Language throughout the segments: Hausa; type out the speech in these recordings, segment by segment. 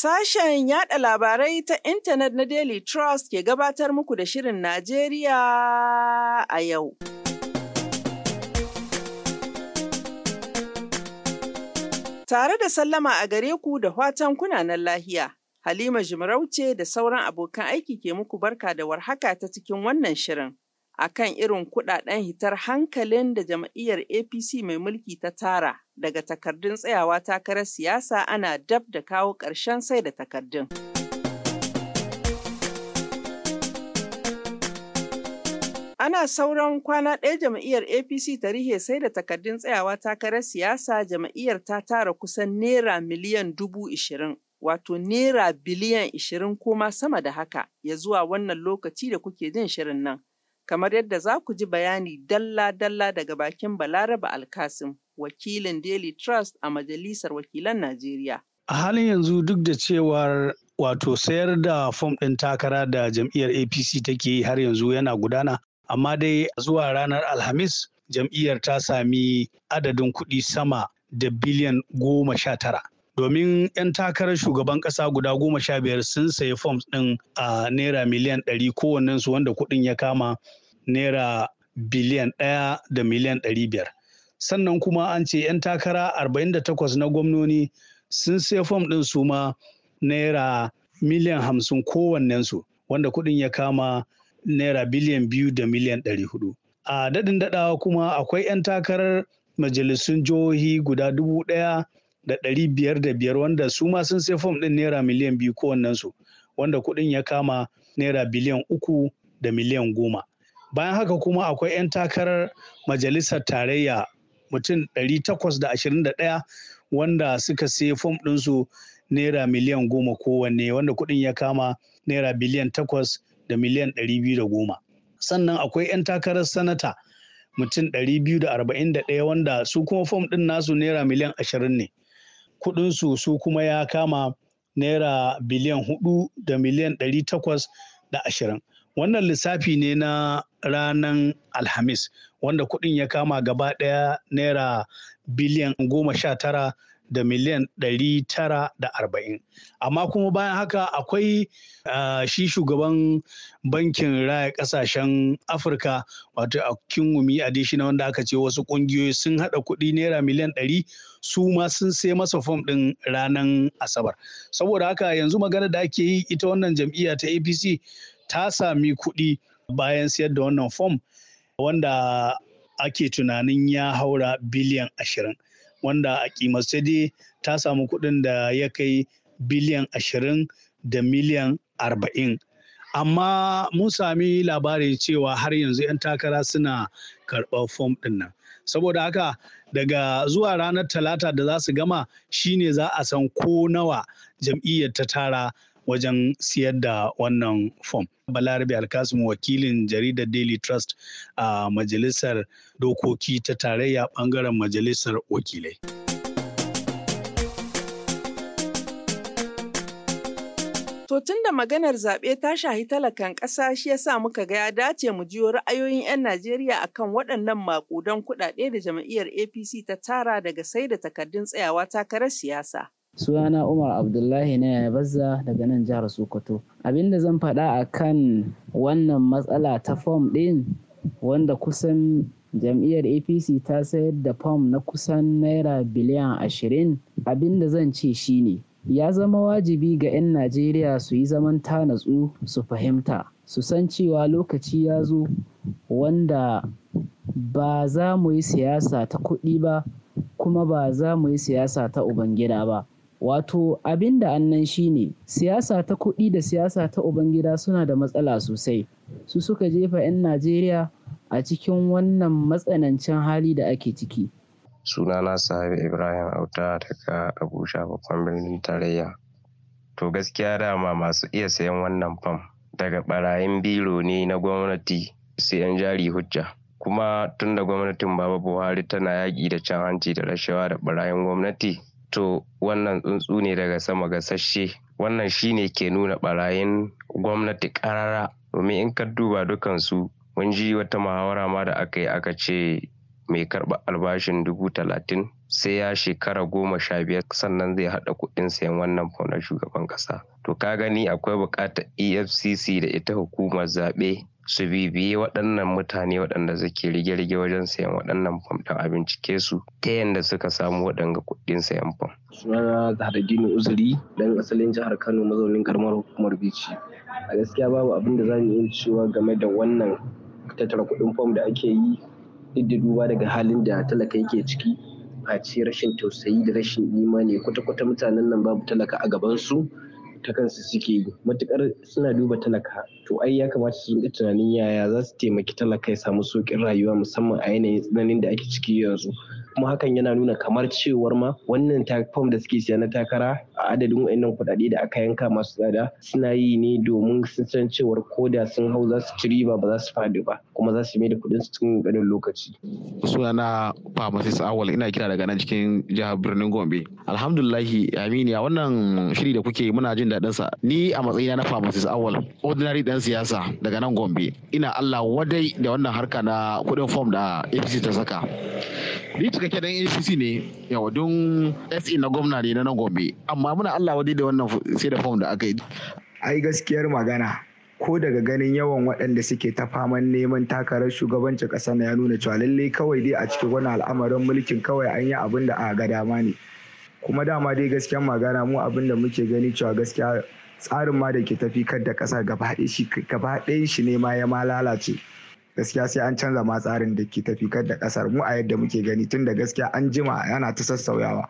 Sashen yaɗa labarai ta intanet na Daily Trust ke gabatar muku da Shirin Najeriya a yau. Tare da sallama a gare ku da watan kunanan lahiya, Halima Jimarauce da sauran abokan aiki ke muku barka da warhaka ta cikin wannan shirin. akan irin kuɗaɗen hitar hankalin da jam'iyyar APC mai mulki ta tara daga takardun tsayawa takarar siyasa ana dab da kawo ƙarshen sai da takardun. Ana sauran kwana ɗaya jam'iyyar APC ta rihe sai da takardun tsayawa takarar siyasa jam'iyyar ta tara kusan naira miliyan dubu ishirin. Wato naira biliyan ishirin ko ma sama da haka ya zuwa wannan lokaci da kuke jin shirin nan. kamar yadda za ku ji bayani dalla-dalla daga bakin Balaraba Alkasim, wakilin Daily Trust a Majalisar Wakilan Najeriya. A halin yanzu duk da cewar wato sayar da fom ɗin takara da jam'iyyar APC take yi har yanzu yana gudana, amma dai zuwa ranar Alhamis jam'iyyar ta sami adadin kuɗi sama da biliyan goma sha tara. domin 'yan takarar shugaban kasa guda goma sha biyar sun sayi forms ɗin a naira miliyan ɗari su wanda kuɗin ya kama naira biliyan ɗaya da miliyan ɗari biyar sannan kuma an ce 'yan takara arba'in da 48 na gwamnoni sun sayi fom ɗin su ma naira miliyan hamsin su wanda kuɗin ya kama naira biliyan biyu da miliyan ɗari hudu a daɗin daɗawa kuma akwai 'yan takarar majalisun jihohi guda dubu ɗaya da ɗari biyar da biyar wanda su ma sun sai fom ɗin naira miliyan biyu su wanda kuɗin ya kama naira biliyan uku da miliyan goma bayan haka kuma akwai 'yan takarar majalisar tarayya mutum ɗari takwas da da ashirin ɗaya wanda suka sai fom ɗin su naira miliyan goma kowanne wanda kuɗin ya kama naira biliyan takwas da miliyan ɗari biyu da goma sannan akwai 'yan takarar sanata mutum 241 wanda su kuma fom ɗin nasu naira miliyan ashirin ne Kudin su kuma ya kama naira biliyan hudu da miliyan ɗari takwas da ashirin wannan lissafi ne na ranar alhamis wanda kudin ya kama gaba ɗaya naira biliyan goma sha tara da miliyan ɗari tara da arba'in amma kuma bayan haka akwai shi shugaban bankin raya kasashen afirka wato a kinwumi na wanda aka ce wasu ƙungiyoyi sun haɗa kuɗi naira miliyan ɗari su ma sun sai masa fom ɗin ranar asabar saboda haka yanzu magana da ake yi ita wannan jam'iyya ta apc ta sami kuɗi bayan siyar da wannan fom wanda ake tunanin ya haura biliyan ashirin wanda a kimarsa dai ta samu kuɗin da ya kai biliyan ashirin da miliyan arba'in amma mun sami labari cewa har yanzu 'yan takara suna karɓar fom ɗin nan saboda haka daga zuwa ranar talata da za su gama shine za a san ko nawa jam'iyyar ta tara wajen siyar da wannan fom. Balarabe Alkasum wakilin jaridar Daily Trust a majalisar dokoki ta tarayya bangaren majalisar wakilai. To tun da maganar zaɓe ta shahi talakan ƙasa shi ya sa muka ga ya dace mu jiyo ra'ayoyin 'yan Najeriya a kan waɗannan maƙudan kuɗaɗe da jam'iyyar APC ta tara daga sai da takardun tsayawa takarar siyasa. Sunana Umar Abdullahi na Yaya Bazza daga nan jihar Sokoto. Abin da zan faɗa a kan wannan matsala ta fom ɗin wanda kusan jam'iyyar APC ta sayar da fom na kusan naira biliyan ashirin, abin da zan ce shi ne, ya zama wajibi ga 'yan Najeriya su yi zaman tanatsu su fahimta, su san cewa lokaci ya zo wanda ba za mu yi siyasa ta kuɗi ba kuma ba za mu yi siyasa ta ubangida ba. Wato abin da annan shine siyasa ta kuɗi da siyasa ta Ubangida suna da matsala sosai. Su suka jefa 'yan Najeriya a cikin wannan matsanancin hali da ake ciki. Sunana Sahabi Ibrahim Auta daga Abuja babban birnin tarayya. To gaskiya dama masu iya sayan wannan fam daga barayin biro ne na gwamnati su 'yan jari hujja. Kuma tunda gwamnatin Baba Buhari tana yaƙi da cin hanci da rashawa da barayin gwamnati. to wannan tsuntsu ne daga sama gasasshe wannan shine ke nuna barayin gwamnati karara domin in ka duba dukansu mun ji wata muhawara ma da aka yi aka ce mai karba albashin dubu talatin sai ya shekara goma sha biyar sannan zai haɗa kuɗin sayan wannan na shugaban ƙasa to ka gani akwai bukatar efcc da ita hukumar zaɓe su bibiye waɗannan mutane waɗanda suke rige-rige wajen sayan waɗannan fam ɗin a bincike su ta yadda suka samu waɗanga kuɗin sayan fam. sunana zaharaddini uzuri dan asalin jihar kano mazaunin karamar hukumar bici a gaskiya babu abin da zamu iya cewa game da wannan tattara kuɗin fam da ake yi duk duba daga halin da talaka yake ciki ce rashin tausayi da rashin imani kwata-kwata mutanen nan babu talaka a gabansu ta kansu suke yi matukar suna duba talaka to ai ya kamata su rinka tunanin yaya za su taimaki talaka ya samu sokin rayuwa musamman a yanayin tsananin da ake ciki yanzu kuma hakan yana nuna kamar cewar ma wannan fom da suke siya na takara a adadin wayannan kuɗaɗe da aka yanka masu tsada suna yi ne domin sun san cewar koda sun hau za su ci riba ba za su faɗi ba kuma za su mai da kuɗin su cikin ganin lokaci. sunana pharmacist awal ina kira daga nan cikin jihar birnin gombe alhamdulahi aminiya wannan shiri da kuke muna jin daɗin sa ni a matsayina na pharmacist awal ordinary dan siyasa daga nan gombe ina allah wadai da wannan harka na kudin fom da apc ta saka ni cikakke dan apc ne yawa don se na gwamna ne na nan gombe amma muna allah wadai da wannan sai da fom da aka yi ai gaskiyar magana ko daga ganin yawan waɗanda suke ta faman neman takarar shugabancin ƙasar na ya nuna cewa lallai kawai dai a cikin wani al'amarin mulkin kawai an yi abin da a ga dama ne kuma dama dai gaskiyan magana mu abin da muke gani cewa gaskiya tsarin ma da ke tafi kar da ƙasa gaba ɗaya shi ne ma ya ma lalace gaskiya sai an canza ma tsarin da ke tafi kar da ƙasar mu a yadda muke gani tun da gaskiya an jima yana ta sassauyawa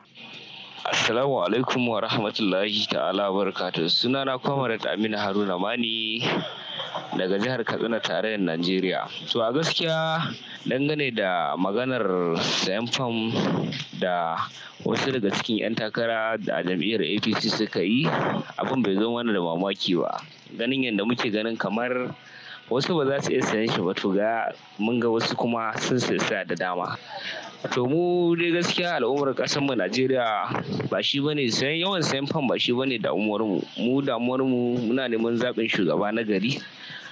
Assalamu alaikum wa rahmatullahi ta'ala wa na Sunana da Aminu Haruna Mani daga jihar Katsina tarayyar Najeriya. To a gaskiya dangane da maganar sayan fam da wasu daga cikin 'yan takara da jam'iyyar APC suka yi abin bai zo mana da mamaki ba. Ganin yadda muke ganin kamar wasu ba za su iya sayan shi ba to ga mun ga wasu kuma sun saya da dama to mu dai gaskiya al'ummar kasar mu Najeriya ba shi bane sayan yawan sayan fan ba shi bane da mu mu damuwar mu muna neman zaɓin shugaba na gari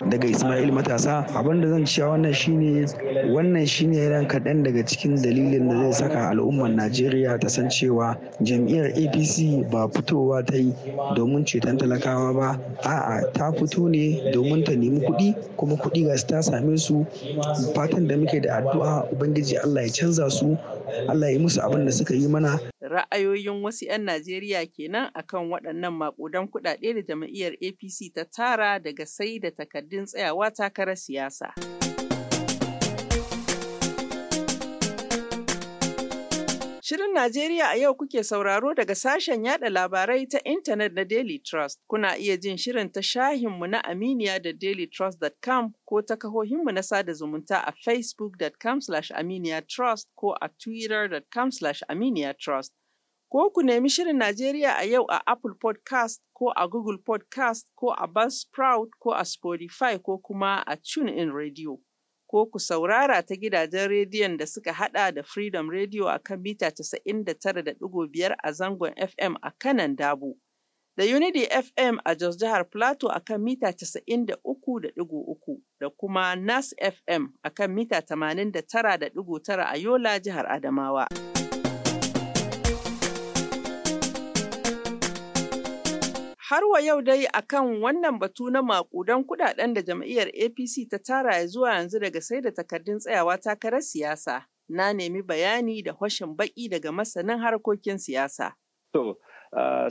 daga Ismail matasa abinda zan cewa wannan shine wannan shine ran kaɗan daga cikin dalilin da zai saka al'ummar Najeriya ta san cewa jam'iyyar APC ba fitowa ta yi domin ceton talakawa ba a'a ta fito ne domin ta nemi kuɗi kuma kuɗi ga ta same su fatan da muke da addu'a ubangiji Allah ya canza su Allah ya musu abin da suka yi mana ra'ayoyin wasu 'yan Najeriya kenan akan waɗannan maƙudan kuɗaɗe da jam'iyyar APC ta tara daga sai da takardu takardun tsayawa takarar siyasa. Shirin Najeriya a yau kuke sauraro daga sashen yada labarai ta intanet na Daily Trust. Kuna iya jin shirin ta shahinmu na Aminiya da dailytrust.com ko ta kahohinmu na sada zumunta a facebook.com/aminiya trust ko a twitter.com/aminiya trust. Ko ku nemi Shirin Najeriya a yau a Apple podcast ko a Google podcast ko a Buzzsprout ko a Spotify ko kuma a TuneIn Radio. Ko ku saurara ta gidajen rediyon da suka hada da Freedom Radio a kan mita 99.5 a zangon FM a kanan dabu da Unity FM a Jos Jihar Plateau a kan mita 93.3 da kuma Nas FM a kan mita 89.9 a Yola Jihar Adamawa. Har wa yau dai akan wannan batu na makudan kuɗaɗen da jam'iyyar APC ta tara ya zuwa yanzu daga sai da takardun tsayawa takarar siyasa. Na nemi bayani da hoshin baƙi daga masanin harkokin siyasa. To,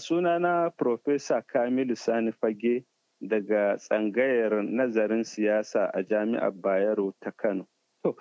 sunana Profesa Kamilu Sani Fage daga tsangayar nazarin siyasa a Jami'ar Bayero ta Kano. To,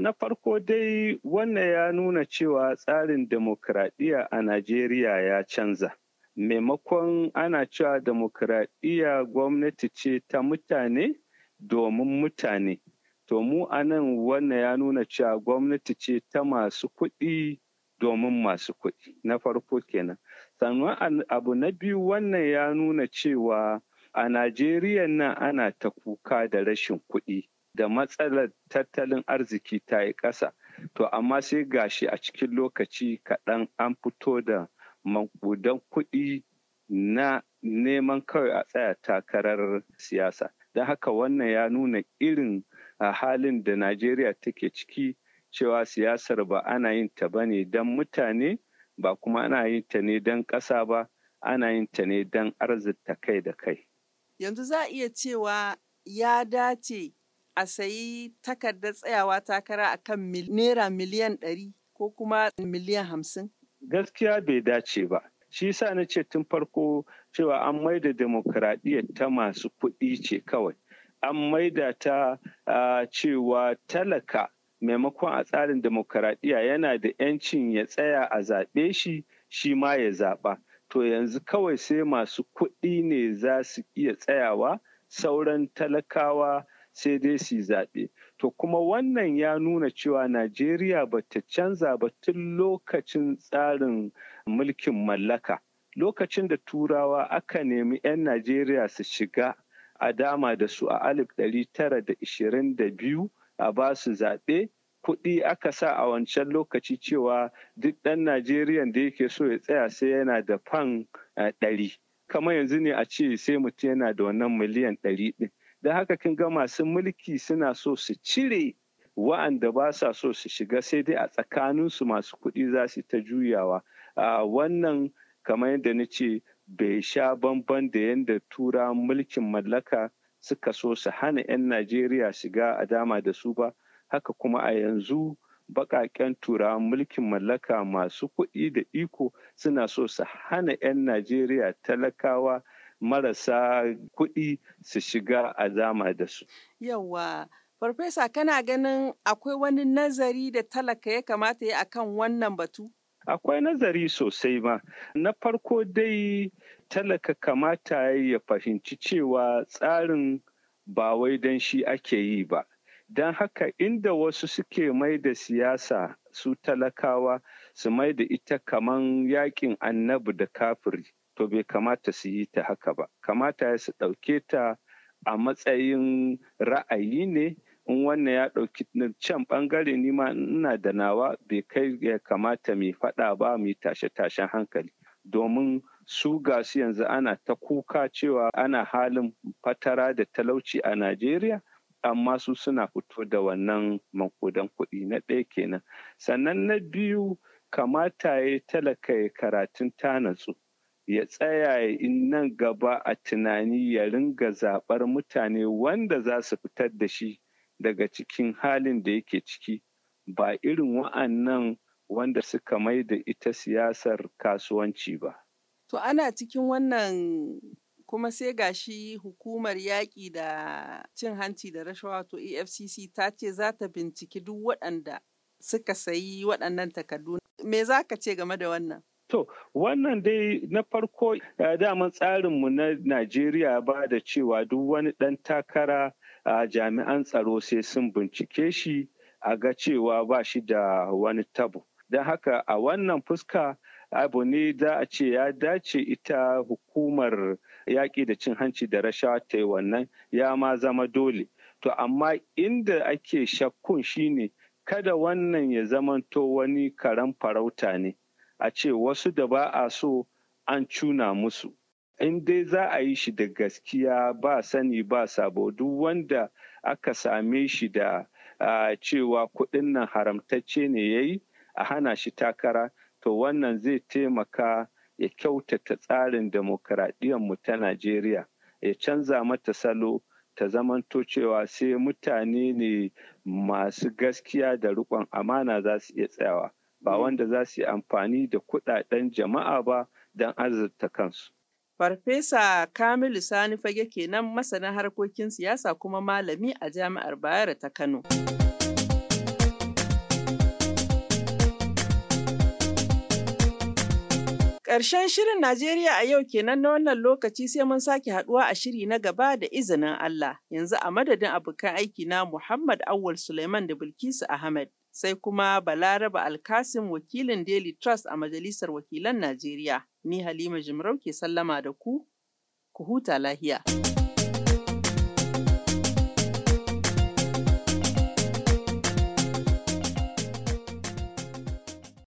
na farko dai wannan ya nuna cewa tsarin demokradiyya a Najeriya ya canza. maimakon ana cewa demokradiyya gwamnati ce ta mutane domin mutane to mu anan nan wannan ya nuna cewa gwamnati ce ta masu kuɗi domin masu kuɗi na farko kenan sannan abu na biyu wannan ya nuna cewa a najeriya nan ana ta kuka da rashin kuɗi da matsalar tattalin arziki ta yi ƙasa to amma sai gashi a cikin lokaci kaɗan an fito da mankudan kuɗi na neman kawai a tsaya takarar siyasa don haka wannan ya nuna irin a halin da najeriya take ciki cewa siyasar ba ana yin ta ba ne don mutane ba kuma ana yin ta ne don ƙasa ba ana yin ta ne don arzikta kai da kai yanzu za a iya cewa ya dace a sayi takardar tsayawa takara akan naira miliyan ɗari ko kuma miliyan hamsin gaskiya bai dace ba shi sa na ce tun farko cewa an maida demokuraɗiyyar ta masu kuɗi ce kawai an maida ta cewa talaka maimakon a tsarin demokuraɗiyya yana da 'yancin ya tsaya a zaɓe shi shi ma ya zaɓa to yanzu kawai sai masu kuɗi ne za su iya tsayawa sauran talakawa sai dai su yi zaɓe. To kuma wannan ya nuna cewa Najeriya ba ta canza ba tun lokacin tsarin mulkin mallaka. Lokacin da Turawa aka nemi 'yan Najeriya su shiga a dama da su a biyu a ba su zaɓe kuɗi aka sa a wancan lokaci cewa duk ɗan Najeriya da yake so ya tsaya sai yana da fan eh, ɗari. Kamar yanzu ne a ce sai mutum yana da wannan miliyan ɗari ɗin. da haka kin ga masu mulki suna so su cire wa'anda ba sa so su shiga sai dai a tsakaninsu masu kuɗi za su ta juyawa wannan kamar yadda na ce bai sha bamban da yadda tura mulkin mallaka suka so su hana 'yan najeriya shiga a dama da su ba haka kuma a yanzu baƙaƙen tura mulkin mallaka masu kuɗi da iko suna so su hana 'yan najeriya talakawa marasa kuɗi su shiga a zama da su. Yawwa, Farfesa kana ganin akwai wani nazari da talaka ya kamata ya akan wannan batu? Akwai nazari sosai ma. Na farko dai talaka kamata ya fahimci cewa tsarin ba wai don shi ake yi ba. Don haka inda wasu suke mai da siyasa su talakawa su mai da ita kaman yakin annabi da kafiri. to bai kamata su yi ta haka ba kamata ya su ɗauke ta a matsayin ra'ayi ne in wannan ya ɗauki can ɓangare ni ma ina da nawa bai kai ya kamata mai faɗa ba mai tashe-tashen hankali domin su ga su yanzu ana ta kuka cewa ana halin fatara da talauci a Najeriya amma su suna fito da wannan makudan kuɗi na ɗaya kenan sannan na biyu kamata ya talaka ya karatun tanatsu ya tsaya in nan gaba a tunani ya ringa zaɓar mutane wanda za su fitar da shi daga cikin halin da yake ciki ba irin wa'annan wanda suka mai da ita siyasar kasuwanci ba. To ana cikin wannan kuma sai gashi hukumar yaƙi da cin hanci da rashawa to EFCC ta ce za ta binciki duk waɗanda suka sayi waɗannan takardu. Me za ka ce game da wannan? To, wannan dai na farko daman tsarinmu na Najeriya ba da cewa duk wani ɗan takara a jami'an tsaro sai sun bincike shi a ga cewa ba shi da wani tabo. Don haka a wannan fuska abu ne za a ce ya dace ita hukumar yaƙi da cin hanci da rashawa ta yi wannan ya ma zama dole. To, amma inda ake shakkun shine kada wannan ya zamanto wani karen farauta ne. a ce wasu da ba a so an cuna musu. In dai za a yi shi da gaskiya ba sani ba sabo duk wanda aka same shi da cewa kuɗin nan haramtacce ne ya yi a hana shi takara to wannan zai taimaka ya kyautata tsarin mu ta Najeriya ya canza mata salo ta zamanto cewa sai mutane ne masu gaskiya da riƙon amana za su iya tsayawa. ba mm. wanda za su yi amfani da kuɗaɗen jama'a ba don azurta kansu. Farfesa Kamilu Sani Fage kenan masanin harkokin siyasa kuma malami a Jami'ar Bayero ta Kano. Ƙarshen shirin Najeriya a yau kenan na wannan lokaci sai mun sake haɗuwa a shiri na gaba da izinin Allah. Yanzu a madadin abokan aiki na Muhammad Awul Suleiman da Bilkisu Ahmed. sai kuma Balaraba Alkasim wakilin Daily Trust a Majalisar Wakilan Najeriya. Ni Halima Jimarau ke sallama da ku, ku huta lahiya.